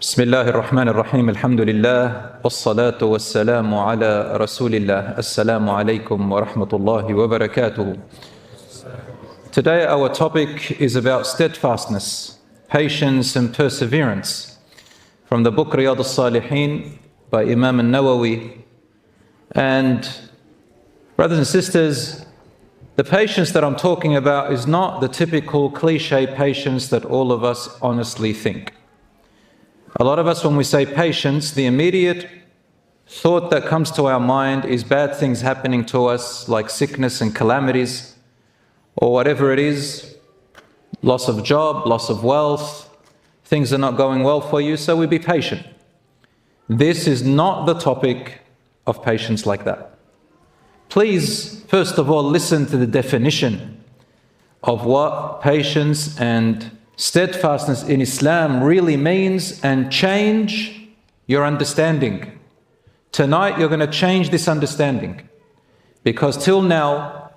بسم الله الرحمن الرحيم الحمد لله والصلاة والسلام على رسول الله السلام عليكم ورحمة الله وبركاته Today our topic is about steadfastness, patience and perseverance from the book Riyadh al-Salihin by Imam al-Nawawi and brothers and sisters the patience that I'm talking about is not the typical cliche patience that all of us honestly think a lot of us, when we say patience, the immediate thought that comes to our mind is bad things happening to us, like sickness and calamities, or whatever it is loss of job, loss of wealth, things are not going well for you, so we be patient. This is not the topic of patience like that. Please, first of all, listen to the definition of what patience and steadfastness in Islam really means and change your understanding. Tonight, you're going to change this understanding because till now,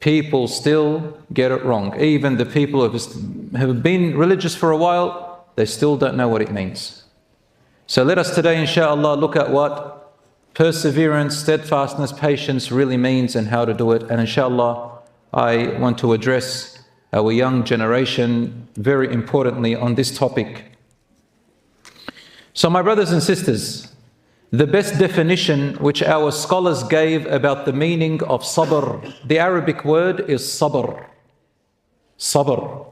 people still get it wrong. Even the people who have been religious for a while, they still don't know what it means. So let us today, inshallah, look at what perseverance, steadfastness, patience really means and how to do it. And inshallah, I want to address our young generation, very importantly, on this topic. So, my brothers and sisters, the best definition which our scholars gave about the meaning of sabr, the Arabic word is sabr. Sabr.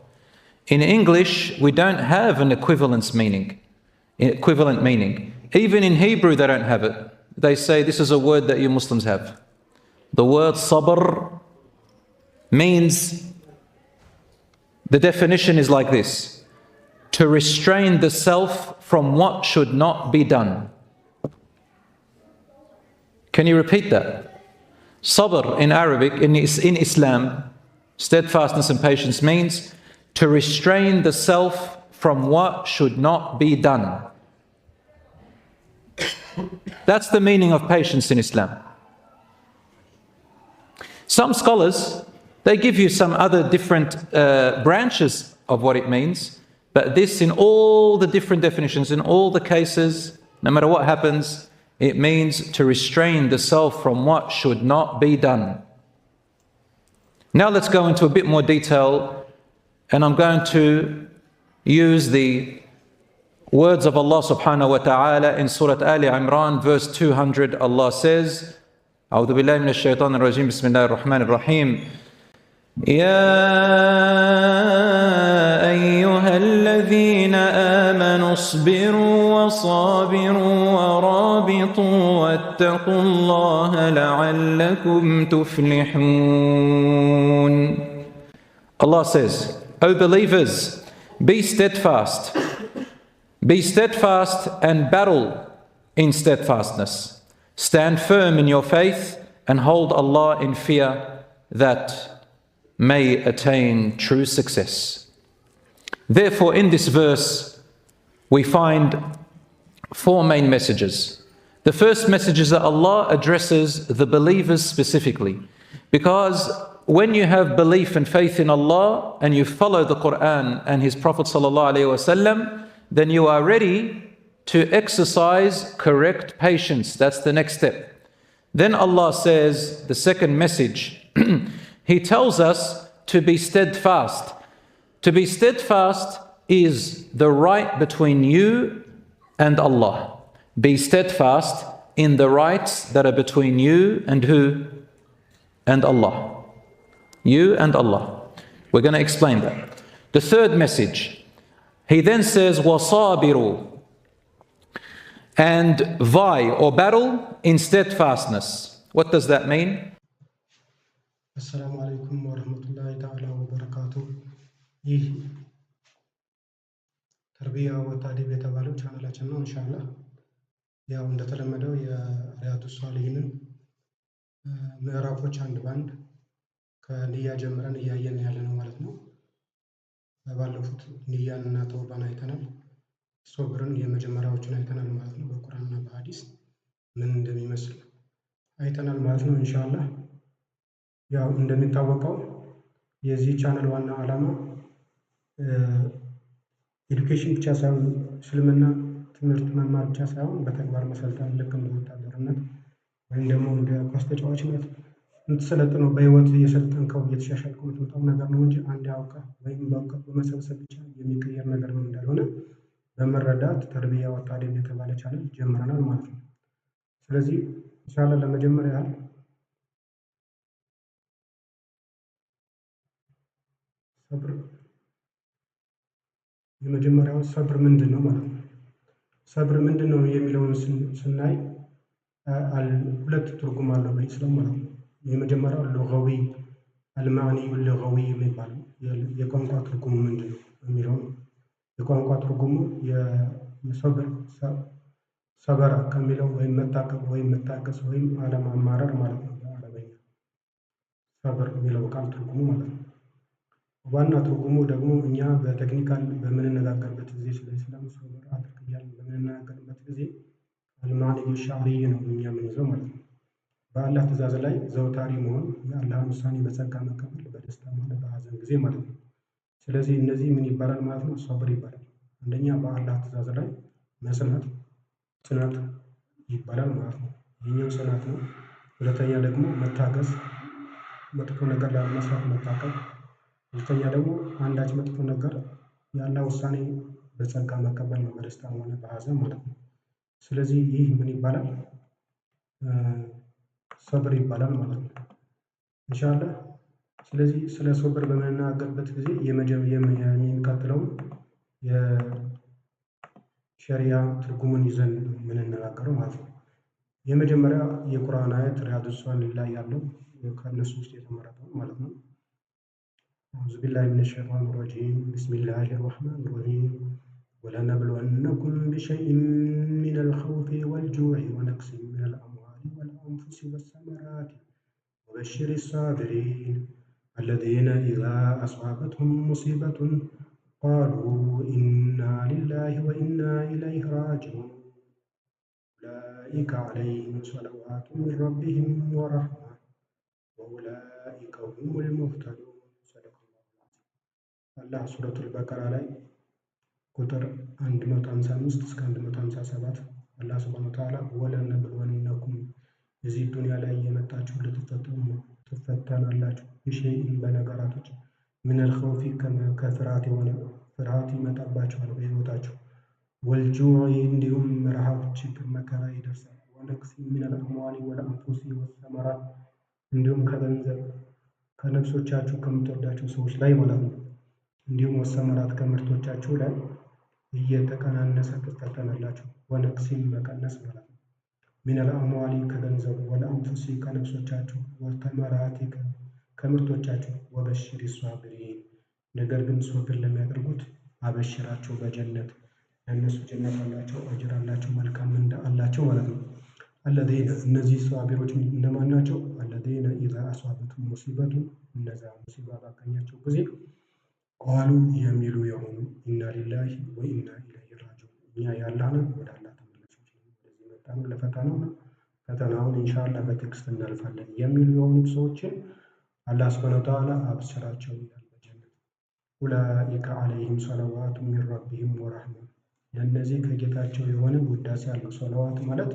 In English, we don't have an equivalence meaning, equivalent meaning. Even in Hebrew, they don't have it. They say this is a word that you Muslims have. The word sabr means the definition is like this to restrain the self from what should not be done. Can you repeat that? Sabr in Arabic, in, in Islam, steadfastness and patience means to restrain the self from what should not be done. That's the meaning of patience in Islam. Some scholars they give you some other different uh, branches of what it means, but this, in all the different definitions, in all the cases, no matter what happens, it means to restrain the self from what should not be done. Now let's go into a bit more detail, and I'm going to use the words of Allah subhanahu wa ta'ala in Surah Ali Imran, verse 200. Allah says, أعوذ بالله من الشيطان الرجيم بسم الله الرحمن الرحيم يا ايها الذين امنوا اصبروا وصابروا ورابطوا واتقوا الله لعلكم تفلحون Allah says, O believers, be steadfast. Be steadfast and battle in steadfastness. Stand firm in your faith and hold Allah in fear that may attain true success. Therefore, in this verse, we find four main messages. The first message is that Allah addresses the believers specifically, because when you have belief and faith in Allah and you follow the Quran and His Prophet wasallam, then you are ready to exercise correct patience. That's the next step. Then Allah says, the second message He tells us to be steadfast. To be steadfast is the right between you and Allah. Be steadfast in the rights that are between you and who? And Allah. You and Allah. We're going to explain that. The third message. He then says, wasa'biru And vie or battle in steadfastness. What does that mean? አሰላሙ አለይኩም ወረህመቱላሂ ተዓላ ወበረካቱ። ይህ ተርቢያ ወታዲብ የተባለው ቻናላችን ነው። እንሻላ ያው እንደተለመደው የሪያዱ ሷሊሂንን ምዕራፎች አንድ ባንድ ከንያ ጀምረን እያየን ያለ ነው ማለት ነው። ባለፉት ንያን እና ተውባን አይተናል። ሶብርን የመጀመሪያዎችን አይተናል ማለት ነው። በቁርአንና በሀዲስ ምን እንደሚመስል አይተናል ማለት ነው። እንሻላ ያው እንደሚታወቀው የዚህ ቻነል ዋና ዓላማ ኤዱኬሽን ብቻ ሳይሆን እስልምና ትምህርት መማር ብቻ ሳይሆን በተግባር መሰልጠን ልክ እንደ ወታደርነት ወይም ደግሞ እንደ ኳስ ተጫዋችነት የምትሰለጥነው በህይወት እየሰለጠንከው እየተሻሻልከው የምትመጣው ነገር ነው እንጂ አንድ አውቃ ወይም በእውቀት በመሰብሰብ ብቻ የሚቀየር ነገር ነው እንዳልሆነ በመረዳት ተርቢያ ወታደር የተባለ ቻናል ጀምረናል ማለት ነው። ስለዚህ ኢንሻላህ ለመጀመሪያ ያህል ሰብር የመጀመሪያው ሰብር ምንድን ነው ማለት ነው። ሰብር ምንድን ነው የሚለውን ስናይ ሁለት ትርጉም አለው በኢስላም ማለት ነው። የመጀመሪያው ልዊ አልማኒ ሉጋዊ የሚባል የቋንቋ ትርጉሙ ምንድን ነው የሚለው የቋንቋ ትርጉሙ የሰብር ሰበራ ከሚለው ወይም መታቀብ ወይም መታገስ ወይም አለማማረር ማለት ነው። በአረበኛ ሰብር የሚለው ቃል ትርጉሙ ማለት ነው። ዋና ትርጉሙ ደግሞ እኛ በቴክኒካል በምንነጋገርበት ጊዜ ስለ ኢስላም ሶብር አድርግ እያልን በምንነጋገርበት ጊዜ አልማዕነዊ ሻዕርይ ነው እኛ የምንይዘው ማለት ነው። በአላህ ትእዛዝ ላይ ዘውታሪ መሆን፣ የአላህን ውሳኔ በጸጋ መቀበል፣ በደስታ ሆነ በሀዘን ጊዜ ማለት ነው። ስለዚህ እነዚህ ምን ይባላል ማለት ነው? ሶብር ይባላል። አንደኛ በአላህ ትእዛዝ ላይ መጽናት ጽናት ይባላል ማለት ነው። ይህኛው ጽናት ነው። ሁለተኛ ደግሞ መታገስ፣ መጥፎ ነገር ላለመስራት መታቀብ ሁለተኛ ደግሞ አንዳች መጥፎ ነገር ያለ ውሳኔ በጸጋ መቀበል ነው፣ በደስታም ሆነ በሀዘን ማለት ነው። ስለዚህ ይህ ምን ይባላል? ሰብር ይባላል ማለት ነው። እንሻለ ስለዚህ ስለ ሶብር በምንናገርበት ጊዜ የሚቀጥለውን የሸሪያ ትርጉሙን ይዘን የምንነጋገረው ማለት ነው። የመጀመሪያ የቁርአን አያት ሪያዱ ሷሊህ ላይ ያለው ከእነሱ ውስጥ የተመረጠው ማለት ነው። أعوذ بالله من الشيطان الرجيم بسم الله الرحمن الرحيم ولنبلونكم بشيء من الخوف والجوع ونقص من الأموال والأنفس والثمرات وبشر الصابرين الذين إذا أصابتهم مصيبة قالوا إنا لله وإنا إليه راجعون أولئك عليهم صلوات من ربهم ورحمة وأولئك هم المهتدون አላህ ሱረቱል በቀራ ላይ ቁጥር 155 እስከ 157 አላህ ሱብሃነሁ ወተዓላ ወለነብሉወንነኩም እዚህ ዱንያ ላይ የመጣችሁ ልትፈተኑ ትፈተናላችሁ ብሸይን በነገራቶች ሚነል ኸውፊ ከፍርሃት የሆነ ፍርሃት ይመጣባችኋል በሕይወታችሁ ወልጁዕ እንዲሁም ረሃብ፣ ችግር፣ መከራ ይደርሳል። ወነቅሲ ሚነል አምዋሊ ወለአንፉሲ ወሰመራት እንዲሁም ከገንዘብ ከነፍሶቻችሁ ከምትወዳቸው ሰዎች ላይ ማለት ነው። እንዲሁም ወሰን ከምርቶቻችሁ ላይ እየተቀናነሰ ትጠቀማላችሁ። ወነቅሲ መቀነስ ማለት ነው። ሚነል አምዋሊ ከገንዘቡ ወለአንፉሲ ከነፍሶቻችሁ ወተመራቲ ከምርቶቻችሁ ወበሽር ሷብሪን ነገር ግን ሶብር ለሚያደርጉት አበሽራቸው በጀነት ለእነሱ ጀነት አላቸው፣ አጅር አላቸው፣ መልካም ምንዳ አላቸው ማለት ነው። አለዚነ እነዚህ ሷቢሮች እነማን ናቸው? አለዚነ ኢዛ አሷበቱ ሙሲበቱ እነዛ ሙሲባ ባገኛቸው ጊዜ ከኋሉ የሚሉ የሆኑ ኢና ሊላሂ ወኢና ኢለይሂ ራጂዑን እኛ የአላህ ወደ አላህ ተመላሾች ነን፣ ወደዚህ የመጣነው ለፈተናው ነው፣ ፈተናውን ኢንሻአላህ በትዕግስት እናልፋለን የሚሉ የሆኑ ሰዎችን አላህ ሱብሓነሁ ወተዓላ አብስራቸው ይላል በጀነት። ኡላኢከ ዐለይሂም ሰለዋቱ ሚን ረቢሂም ወረሕማ ለእነዚህ ከጌታቸው የሆነ ውዳሴ አለው። ሰለዋት ማለት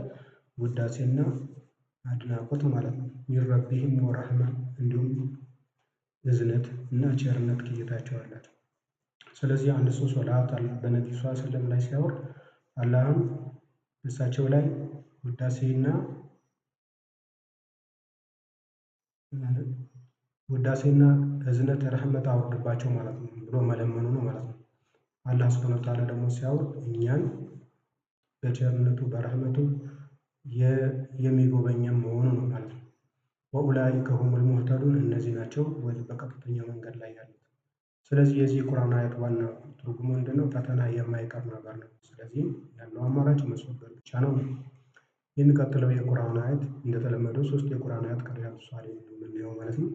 ውዳሴና አድናቆት ማለት ነው። ሚን ረቢሂም ወረሕማ እንዲሁም እዝነት እና ቸርነት ጌታቸው አላት። ስለዚህ አንድ ሰው ሶላት በነቢዩ ሰለላሁ ዐለይሂ ወሰለም ላይ ሲያወር አላህም እሳቸው ላይ ውዳሴና ውዳሴና እዝነት ረህመት አውርድባቸው ማለት ነው ብሎ መለመኑ ነው ማለት ነው። አላህ ሱብሃነሁ ወተዓላ ደግሞ ሲያወር እኛን በቸርነቱ በረህመቱ የሚጎበኘን መሆኑ ነው ማለት ነው። ወኡላኢከ ሁሙል ሙህተዱን እነዚህ ናቸው በቀጥተኛ መንገድ ላይ ያሉት። ስለዚህ የዚህ ቁርአን አያት ዋና ትርጉሙ ነው? ፈተና የማይቀር ነገር ነው። ስለዚህ ያለው አማራጭ መስወገድ ብቻ ነው። የሚቀጥለው የቁርአን አያት እንደተለመደው ሶስት የቁርአን አያት ከሪያዱ ሷሊሒን የምናየው ማለት ነው።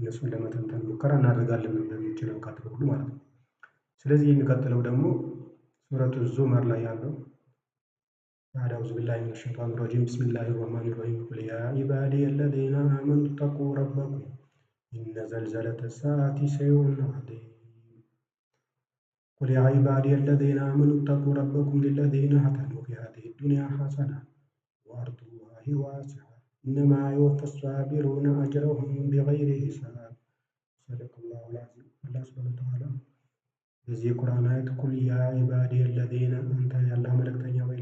እነሱን ለመተንተን ሙከራ እናደርጋለን በሚችለው ካትበሉ ማለት ነው። ስለዚህ የሚቀጥለው ደግሞ ሱረቱ ዙመር ላይ ያለው بعد أعوذ بالله من الشيطان الرجيم بسم الله الرحمن الرحيم قل يا عبادي الذين آمنوا اتقوا ربكم إن زلزلة الساعة شيء عظيم قل يا عبادي الذين آمنوا اتقوا ربكم للذين اهتدوا في هذه الدنيا حسنة وأرض الله واسعة إنما يوفى الصابرون أجرهم بغير حساب صدق الله العظيم الله سبحانه وتعالى እዚህ ቁርአን አያት ቁል ያ ኢባዲ ለዚነ አንተ ያላህ መልእክተኛ ወይ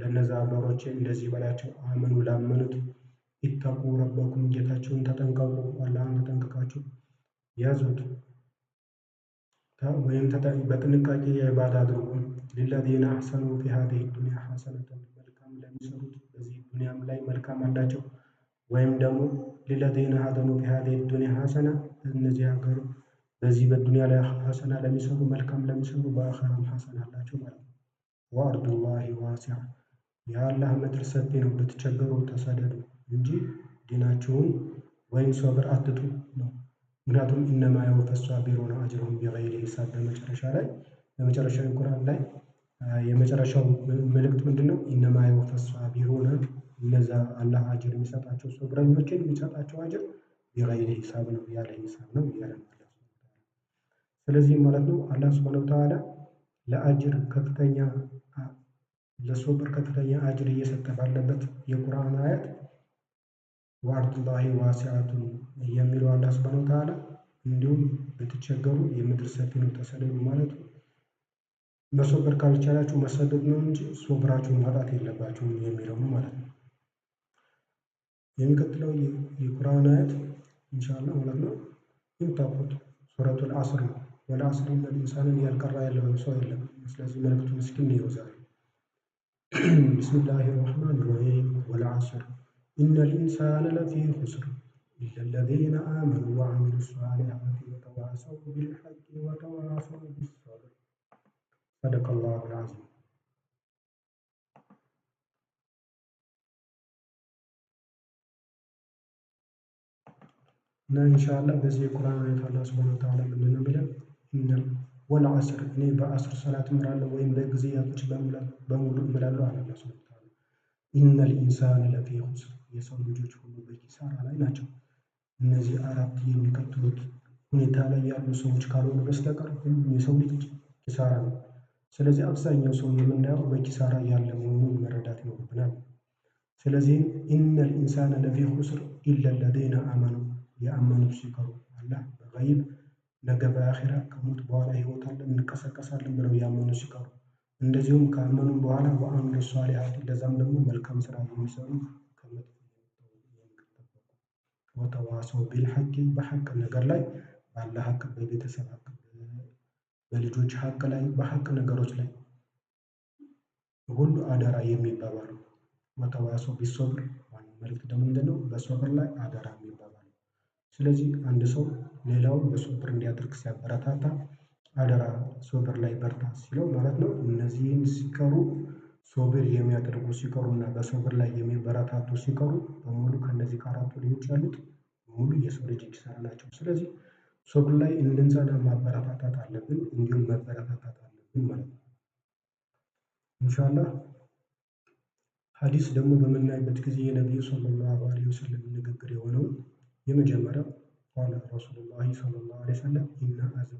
ለነዛ አባሮቼ እንደዚህ በላቸው፣ አመኑ ላመኑት ይታቁ ረበኩም ጌታችሁን ተጠንቀቁ፣ አላህን ተጠንቀቃችሁ ያዙት ወይም በጥንቃቄ የኢባዳ አድርጉ። ሊለዚነ አሕሰኑ ፊ ሀዚሂ ዱንያ ሐሰነተን መልካም ለሚሰሩት በዚህ ዱንያም ላይ መልካም አላቸው። ወይም ደግሞ ሊለዚነ ሀዘኑ ፊ ሀዚሂ ዱንያ ሐሰና እነዚህ ሀገሩ በዚህ በዱንያ ላይ ሐሰና ለሚሰሩ መልካም ለሚሰሩ በአኸራም ሐሰና አላቸው ማለት ነው። ወአርዱላሂ ዋሲዓ የአላህ ምድር ሰፊ ነው፣ ብትቸገሩ ተሰደዱ እንጂ ዲናችሁን ወይም ሶብር አትጡ ነው። ምክንያቱም እነማ የወፈ ሷቢሩነ አጅረሁም ቢገይሪ ሂሳብ በመጨረሻ ላይ በመጨረሻው ቁርአን ላይ የመጨረሻው መልእክት ምንድን ነው? እነማ የወፈ ሷቢሩነ እነዛ አላህ አጅር የሚሰጣቸው ሶብረኞችን የሚሰጣቸው አጅር ቢገይሪ ሂሳብ ነው ያለ ሂሳብ ነው እያለ ስለዚህ ማለት ነው አላህ ሱብሃነሁ ወተዓላ ለአጅር ከፍተኛ ለሶብር ከፍተኛ አጅር እየሰጠ ባለበት የቁርአን አያት ወአርዱላሂ ዋሲዓቱን የሚለው አላህ ሱብሃነሁ ወተዓላ እንዲሁም ብትቸገሩ የምድር ሰፊ ነው ተሰደዱ ማለቱ መሶበር ካልቻላችሁ መሰደድ ነው እንጂ ሶብራችሁን ማጣት የለባችሁም የሚለው ነው ማለት ነው። የሚቀጥለው የቁርአን አያት ኢንሻአላህ ማለት ነው የምታውቁት ሱረቱል አስር ነው። ወለአስሪ ኢነ ልኢንሳነ ያልቀራ ያለሆነ ሰው የለም። ስለዚህ መልእክቱ ምስኪን ነው ዛሬ። ብስሚላሂ ረሕማን ረሒም ወለዐስር ኢነ ልኢንሳነ ለፊ ኹስር إلا الذين آمنوا وعملوا الصالحات وتواصوا بالحق وتواصوا بالصبر صدق الله العظيم እና ኢንሻአላህ በዚህ የቁርአን አያት አላህ ሱብሃነሁ ወተዓላ ምንድን ነው የሚለው ወለዐስር እኔ በአስር ሰላት እምላለሁ ወይም በጊዜያቶች በሙሉ እምላለሁ አለ አላህ ሱብሓነሁ ወተዓላ። ኢነል ኢንሳነ ለፊ ኹስር የሰው ልጆች ሁሉ በኪሳራ ላይ ናቸው። እነዚህ አራት የሚከተሉት ሁኔታ ላይ ያሉ ሰዎች ካልሆኑ በስተቀር ሁሉም የሰው ልጅ ኪሳራ ነው። ስለዚህ አብዛኛው ሰው የምናየው በኪሳራ ያለ መሆኑን መረዳት ይኖርብናል። ስለዚህም ኢነል ኢንሳነ ለፊ ኹስር ኢለለዚነ አመኑ የአመኑ ሲቀሩ አላህ በገይብ ለገበ አኼራ ከሞት በኋላ ሕይወት አለ እንቀሰቀሳለን ብለው ያመኑ ሲቀሩ እንደዚሁም ካመኑ በኋላ ወአሚሉ ሷሊሃት ለዛም ደግሞ መልካም ስራ የሚሰሩ ወተዋሰው ቢልሐቂ በሐቅ ነገር ላይ ባለ ሐቅ በቤተሰብ ሐቅ በልጆች ሐቅ ላይ በሐቅ ነገሮች ላይ ሁሉ አደራ የሚባባሉ ወተዋሰው ቢሶብር ዋናው መልዕክት ደግሞ ምንድነው? በሶብር ላይ አደራ የሚባባሉ ስለዚህ አንድ ሰው ሌላውን በሶብር እንዲያደርግ ሲያበረታታ አደራ ሶብር ላይ በርታ ሲለው ማለት ነው። እነዚህም ሲቀሩ ሶብር የሚያደርጉ ሲቀሩ እና በሶብር ላይ የሚበረታቱ ሲቀሩ በሙሉ ከእነዚህ ከአራቱ ልጆች ያሉት በሙሉ የሰው ልጅ ኪሳራ ናቸው። ስለዚህ ሶብር ላይ እንድንጸና ማበረታታት አለብን፣ እንዲሁም መበረታታት አለብን ማለት ነው። ኢንሻአላህ ሀዲስ ደግሞ በምናይበት ጊዜ የነቢዩ ሰለላሁ ዐለይሂ ወሰለም ንግግር የሆነውን يمجمرة قال رسول الله صلى الله عليه وسلم إن عزم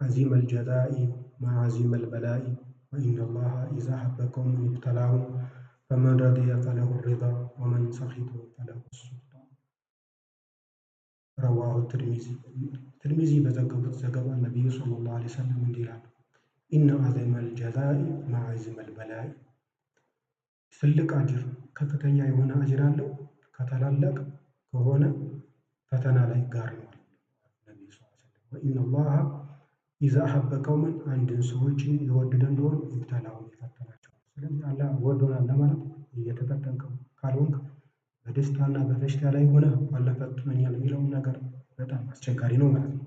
عزيم الجزاء ما عزيم البلاء وإن الله إذا حبكم ابتلاهم فمن رضي فله الرضا ومن سخط فله السلطان رواه الترمذي الترمذي بزقب زقب النبي صلى الله عليه وسلم ديلان إن عزم الجزاء ما عزم البلاء فلك أجر كفتن يا يهون أجران له كتلالك كهونه ፈተና ላይ ጋር ነው። ኢነላሃ ኢዛ አሐበ ቀውመን አንድን ሰዎችን የወደደ እንደሆነ ይብተላውን ይፈተናቸው። ስለዚህ አላህ ወዶናል ለማለት እየተጠጠንቀው ካልሆንክ በደስታና በፈሽታ ላይ ሆነ አላህ ፈትኖኛል የሚለውን ነገር በጣም አስቸጋሪ ነው ማለት ነው።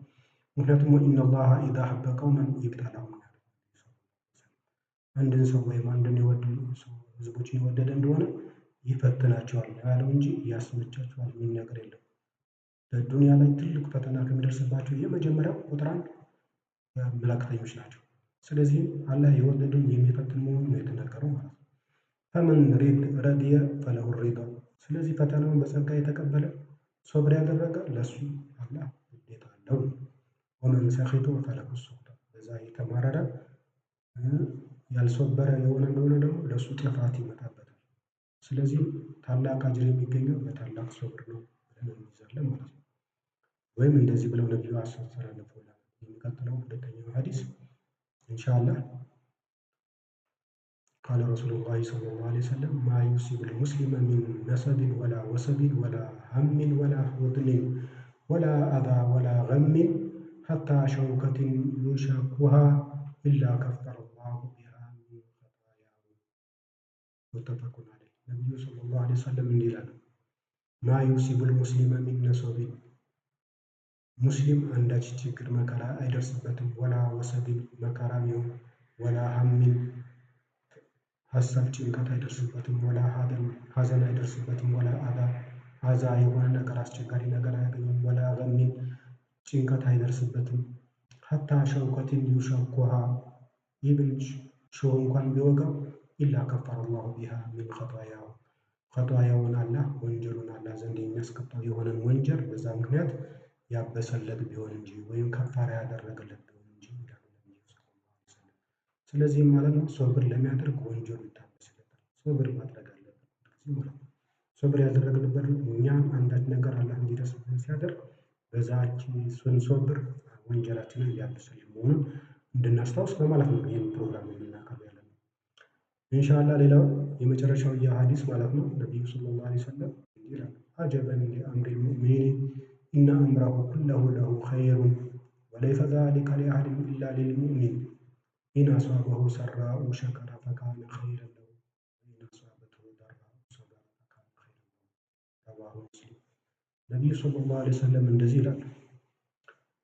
ምክንያቱም ኢነላሃ ኢዛ አሐበ ቀውመን ይብተላውን አንድን ሰው ወይም አንድን የወዱ ህዝቦችን የወደደ እንደሆነ ይፈትናቸዋል ያለው እንጂ ያስመቻቸዋል የሚል ነገር የለም። በዱንያ ላይ ትልቅ ፈተና ከሚደርስባቸው የመጀመሪያው ቁጥር አንድ መልእክተኞች ናቸው። ስለዚህም አላህ የወደደውን የሚፈትን መሆኑን ነው የተናገረው ማለት ነው። ፈመን ረዲየ ፈለሁ ሪዳ። ስለዚህ ፈተናውን በጸጋ የተቀበለ ሶብር ያደረገ ለሱ አላህ ውዴታ አለው። ወመን ሰኺጠ ፈለሁ ሱኹጥ። በዛ የተማረረ ያልሶበረ የሆነ እንደሆነ ደግሞ ለሱ ጥፋት ይመጣበታል። ስለዚህ ታላቅ አጅር የሚገኘው በታላቅ ሶብር ነው ብለን እንይዛለን ማለት ነው። ወይም እንደዚህ ብለው ነቢዩ አስተላልፈውናል። የሚቀጥለው ሁለተኛው ሐዲስ ኢንሻአላህ ቃለ ረሱሉላህ ሰለላሁ ዐለይሂ ወሰለም ማ ዩሲቡል ሙስሊመ ሚን ነሰብን ወላ ወሰብን ወላ ሀምን ወላ ሁዝንን ወላ አዛ ወላ ገምን ሐታ ሸውከትን ዩሸኩሃ ኢላ ከፈረላሁ ቢሃ ሚን ኸጣያሁ ሙተፈቁን ዐለይህ ነቢዩ ሰለላሁ ዐለይሂ ወሰለም እንዲህ ይላሉ ማ ዩሲቡል ሙስሊመ ሚን ነሰብን ሙስሊም አንዳች ችግር መከራ አይደርስበትም ወላ ወሰብን መከራ ይሁን ወላ ሀሚን ሀሳብ ጭንቀት አይደርስበትም ወላ ሀዘን አይደርስበትም ወላ አዛ አዛ የሆነ ነገር አስቸጋሪ ነገር አያገኝም ወላ ገሚን ጭንቀት አይደርስበትም ሀታ ሸውከትን ዩሸኩሃ ይብን ሸው እንኳን ቢወጋው ኢላ ከፈረ ላሁ ቢሃ ምን ከጣያው ከጣያውን አላህ ወንጀሉን አላህ ዘንድ የሚያስከፋው የሆነን ወንጀል በዛ ምክንያት ያበሰለት ቢሆን እንጂ ወይም ከፋራ ያደረገለት ቢሆን እንጂ ይላል ነብዩ ሰለላሁ ዐለይሂ ማለት ነው ሶብር ለሚያደርግ ወንጀሉ ይታበስለታል። ሶብር ማድረግ አለበት ሁልጊዜ ማለት ነው። ሶብር ያደረግንበት እኛም አንዳች ነገር አላህ እንዲደርስብን ሲያደርግ በዛችን ሶብር ወንጀላችንን ሊያበስልን መሆኑን እንድናስታውስ በማለት ነው ይህን ፕሮግራም የምናቀርብ ያለ ነው። ኢንሻአላህ ሌላው የመጨረሻው የሀዲስ ማለት ነው ነቢዩ ሰለላሁ ዐለይሂ ወሰለም እንዲህ ይላል አጀበን ሊአምሪ ሙእሚኒ إن أمره كله له خير وليس ذلك ليعلم إلا للمؤمن إن أصابه سراء شكر فكان خيرا له وإن أصابته ضراء صبر فكان خيرا له رواه مسلم النبي صلى الله عليه وسلم انزل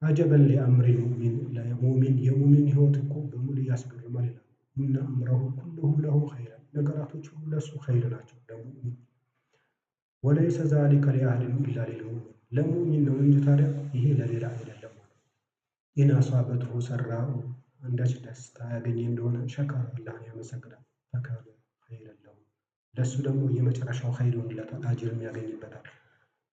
عجبا لأمر المؤمن لا يوم يوم يوتكو بمولي يصبر مالنا إن أمره كله له خير نقراته لس خير لا تبدا مؤمن وليس ذلك لأهل إلا للمؤمن ለሙኝ ነው እንጂ ታዲያ ይሄ ለሌላ አይደለም። ይህን አሷ በጥሩ ሰራው አንዳች ደስታ ያገኘ እንደሆነ ሸክር አላህን ያመሰግናል። ፈካሉ ኸይር ለሁ ለእሱ ደግሞ የመጨረሻው ኸይር ይሆንለታል፣ አጅርም ያገኝበታል።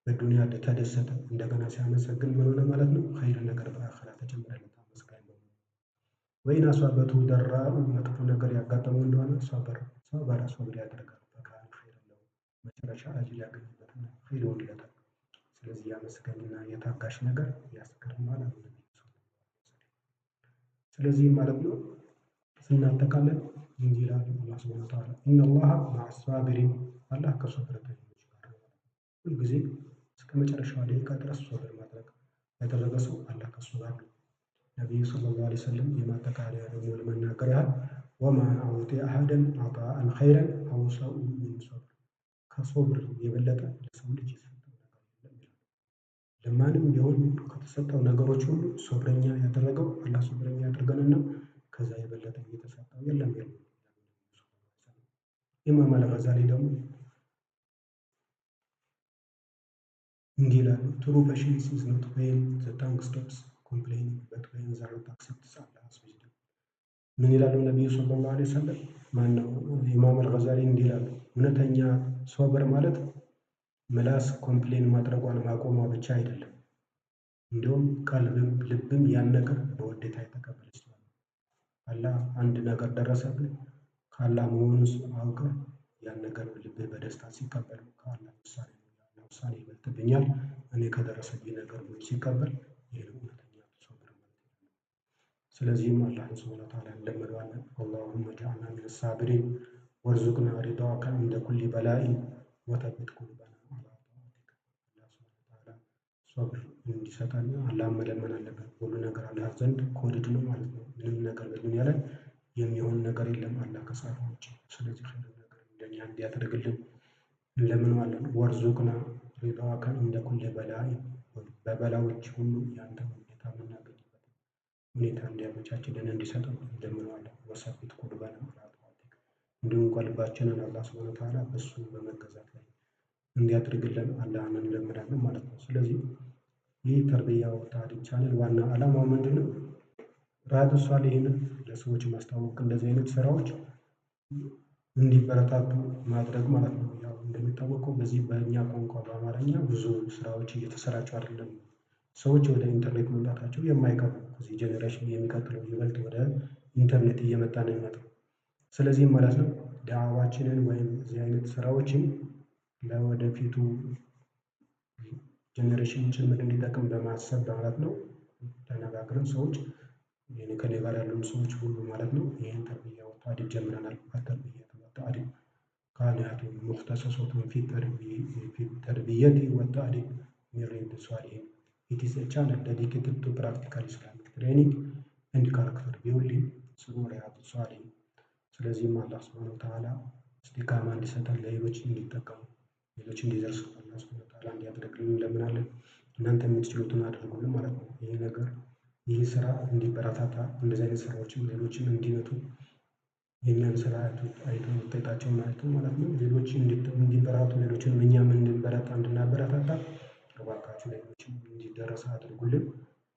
በዱንያ ተደሰተ እንደገና ሲያመሰግን ምን ሆነ ማለት ነው? ኸይር ነገር በአኸራ ተጨምረለት አመስጋኝ ነው። ወይን አሷበቱ ደራኡ መጥፎ ነገር ያጋጠመው እንደሆነ ሶበር ሶበር ሶብር ያደርጋል። ፈካሉ ኸይር ለሁ መጨረሻ አጅር ያገኝበታል፣ ኸይር ይሆንለታል። ስለዚህ የአመስጋኝና የታጋሽ ነገር ያስገርማል አለ። ስለዚህ ማለት ነው ስናጠቃለን ምን ይላል አላህ ሱብሓነሁ ወተዓላ ኢነላሃ ማአሳቢሪን አላህ ከሶብረተኞች ጋር ነው። ሁልጊዜ እስከ መጨረሻው ደቂቃ ድረስ ሶብር ማድረግ ያደረገ ሰው አላህ ከሱ ጋር ነው። ነቢዩ ሰለላሁ ዐለይሂ ወሰለም የማጠቃለያ ደግሞ ለመናገር ያህል ወማ አውጤ አሀደን አጣአን ኸይረን አውሳኡ ሚን ሶብር ከሶብር የበለጠ ለሰው ልጅ ለማንም ቢሆን ከተሰጠው ነገሮች ሁሉ ሶብረኛ ያደረገው አላህ ሶብረኛ ያደርገንና ከዛ የበለጠ እየተሰጠው የለም የለም። ኢማም አልጋዛሊ ደግሞ እንዲህ ይላሉ፣ ትሩ ፔሽንስ ኢዝ ኖት ዌን ዘ ታንግ ስቶፕስ ኮምፕሌኒንግ በት ዌን ዘ ሃርት አክሰፕትስ አላህ ስጅዳ። ምን ይላሉ ነቢዩ ሰለላሁ ዐለይሂ ወሰለም? ማነው ኢማም አልጋዛሊ እንዲህ ይላሉ፣ እውነተኛ ሶብር ማለት ምላስ ኮምፕሌን ማድረጓን ማቆሟ ብቻ አይደለም፣ እንዲሁም ቀልብም ልብም ያን ነገር በውዴታ የተቀበለች ትሆናለች። አላ አንድ ነገር ደረሰብህ ከአላህ መሆኑ አውቀ ያን ነገር ልብህ በደስታ ሲቀበል ከአላህ ውሳኔ ነው። ውሳኔ ይበልጥብኛል እኔ ከደረሰብኝ ነገር ብሎ ሲቀበል ይሄ እውነተኛ ተሰብር ነው። ስለዚህም አላህን ስብሃነ ወተዓላ እንለምነዋለን። አላሁመ ጅዐልና ሚነ ሳቢሪን ወርዙቅና ሪዳከ እንደ ኩሊ በላኢን ወተቢት ቁሉበና ሰብር እንዲሰጠን አላህን መለመን አለበት። ሁሉ ነገር አላህ ዘንድ ኮድድ ነው ማለት ነው። ምንም ነገር በዱንያ ላይ የሚሆን ነገር የለም አላህ ከጻፈው ውጪ። ስለዚህ ሁሉም ነገር እንደኛ እንዲያደርግልን እንለምነዋለን። ወርዙቅና ሪዳአከ እንደ ኩሊ በላ በበላዎች ሁሉ ያንተ ሁኔታ የምናገኝበት ሁኔታ እንዲያመቻችልን እንዲሰጠን እንለምነዋለን። ወሰቢት ቁልበና አላ ጧዓቲክ እንዲሁም ቀልባችንን አላህ ሱብሓነሁ ወተዓላ በሱ በመገዛት ላይ እንዲያደርግልን አላህን እንለምናለን ማለት ነው። ስለዚህ ይህ ተርቢያ ወታሪ ቻናል ዋና አላማው ምንድን ነው? ራያቱ ሷሊሒን ለሰዎች ማስተዋወቅ፣ እንደዚህ አይነት ስራዎች እንዲበረታቱ ማድረግ ማለት ነው። ያው እንደሚታወቀው በዚህ በእኛ ቋንቋ በአማርኛ ብዙ ስራዎች እየተሰራጩ አይደለም። ሰዎች ወደ ኢንተርኔት መምጣታቸው የማይቀር እዚህ ጀኔሬሽን የሚቀጥለው ይበልጥ ወደ ኢንተርኔት እየመጣ ነው የሚመጣው። ስለዚህም ማለት ነው ዳዕዋችንን ወይም እዚህ አይነት ስራዎችን ለወደፊቱ ጀኔሬሽን ጭምር እንዲጠቅም በማሰብ ማለት ነው ተነጋግረን ሰዎች ከኔ ጋር ያሉን ሰዎች ሁሉ ማለት ነው ይህን ተርቢያ ወጥቶ አዲብ ጀምረናል። ተርቢያ ወጥቶ አዲብ ካህናቱ ሙክተሰሶቱን ፊት ተርቢየት ወጥቶ አዲብ ሚሬድ ሷል ኢት ኢዝ ኤ ቻናል ዴዲኬትድ ቱ ፕራክቲካል ኢስላሚክ ትሬኒንግ ኤንድ ካራክተር ቢውልዲንግ ስሩ ሪያድ ሷሊሂን። ስለዚህም አላህ ስብሃነ ወተዓላ ስቲካማ እንዲሰጠን ለሌሎች እንዲጠቀሙ ሌሎች እንዲደርሱ አላህ ሱብሃነሁ ወተዓላ እንዲያደርግልን እንለምናለን። እናንተ የምትችሉትን አድርጉልን ማለት ነው። ይሄ ነገር ይህ ስራ እንዲበረታታ እንደዚህ አይነት ስራዎችም ሌሎችም እንዲመቱ የኛን ስራ አይቶ ውጤታቸውን አይቶ ማለት ነው ሌሎች እንዲበረታቱ ሌሎችን እኛም እንድንበረታ እንድናበረታታ እባካችሁ ሌሎችም እንዲደረስ አድርጉልን።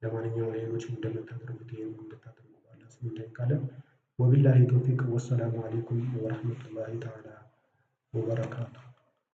ለማንኛውም ሌሎች እንደምታደርጉት ይሄንን እንድታደርጉ በአላህ ስም እንጠይቃለን። ወቢላሂ ቶፊቅ ወሰላሙ አሌይኩም ወራህመቱላሂ ተዓላ ወበረካቱ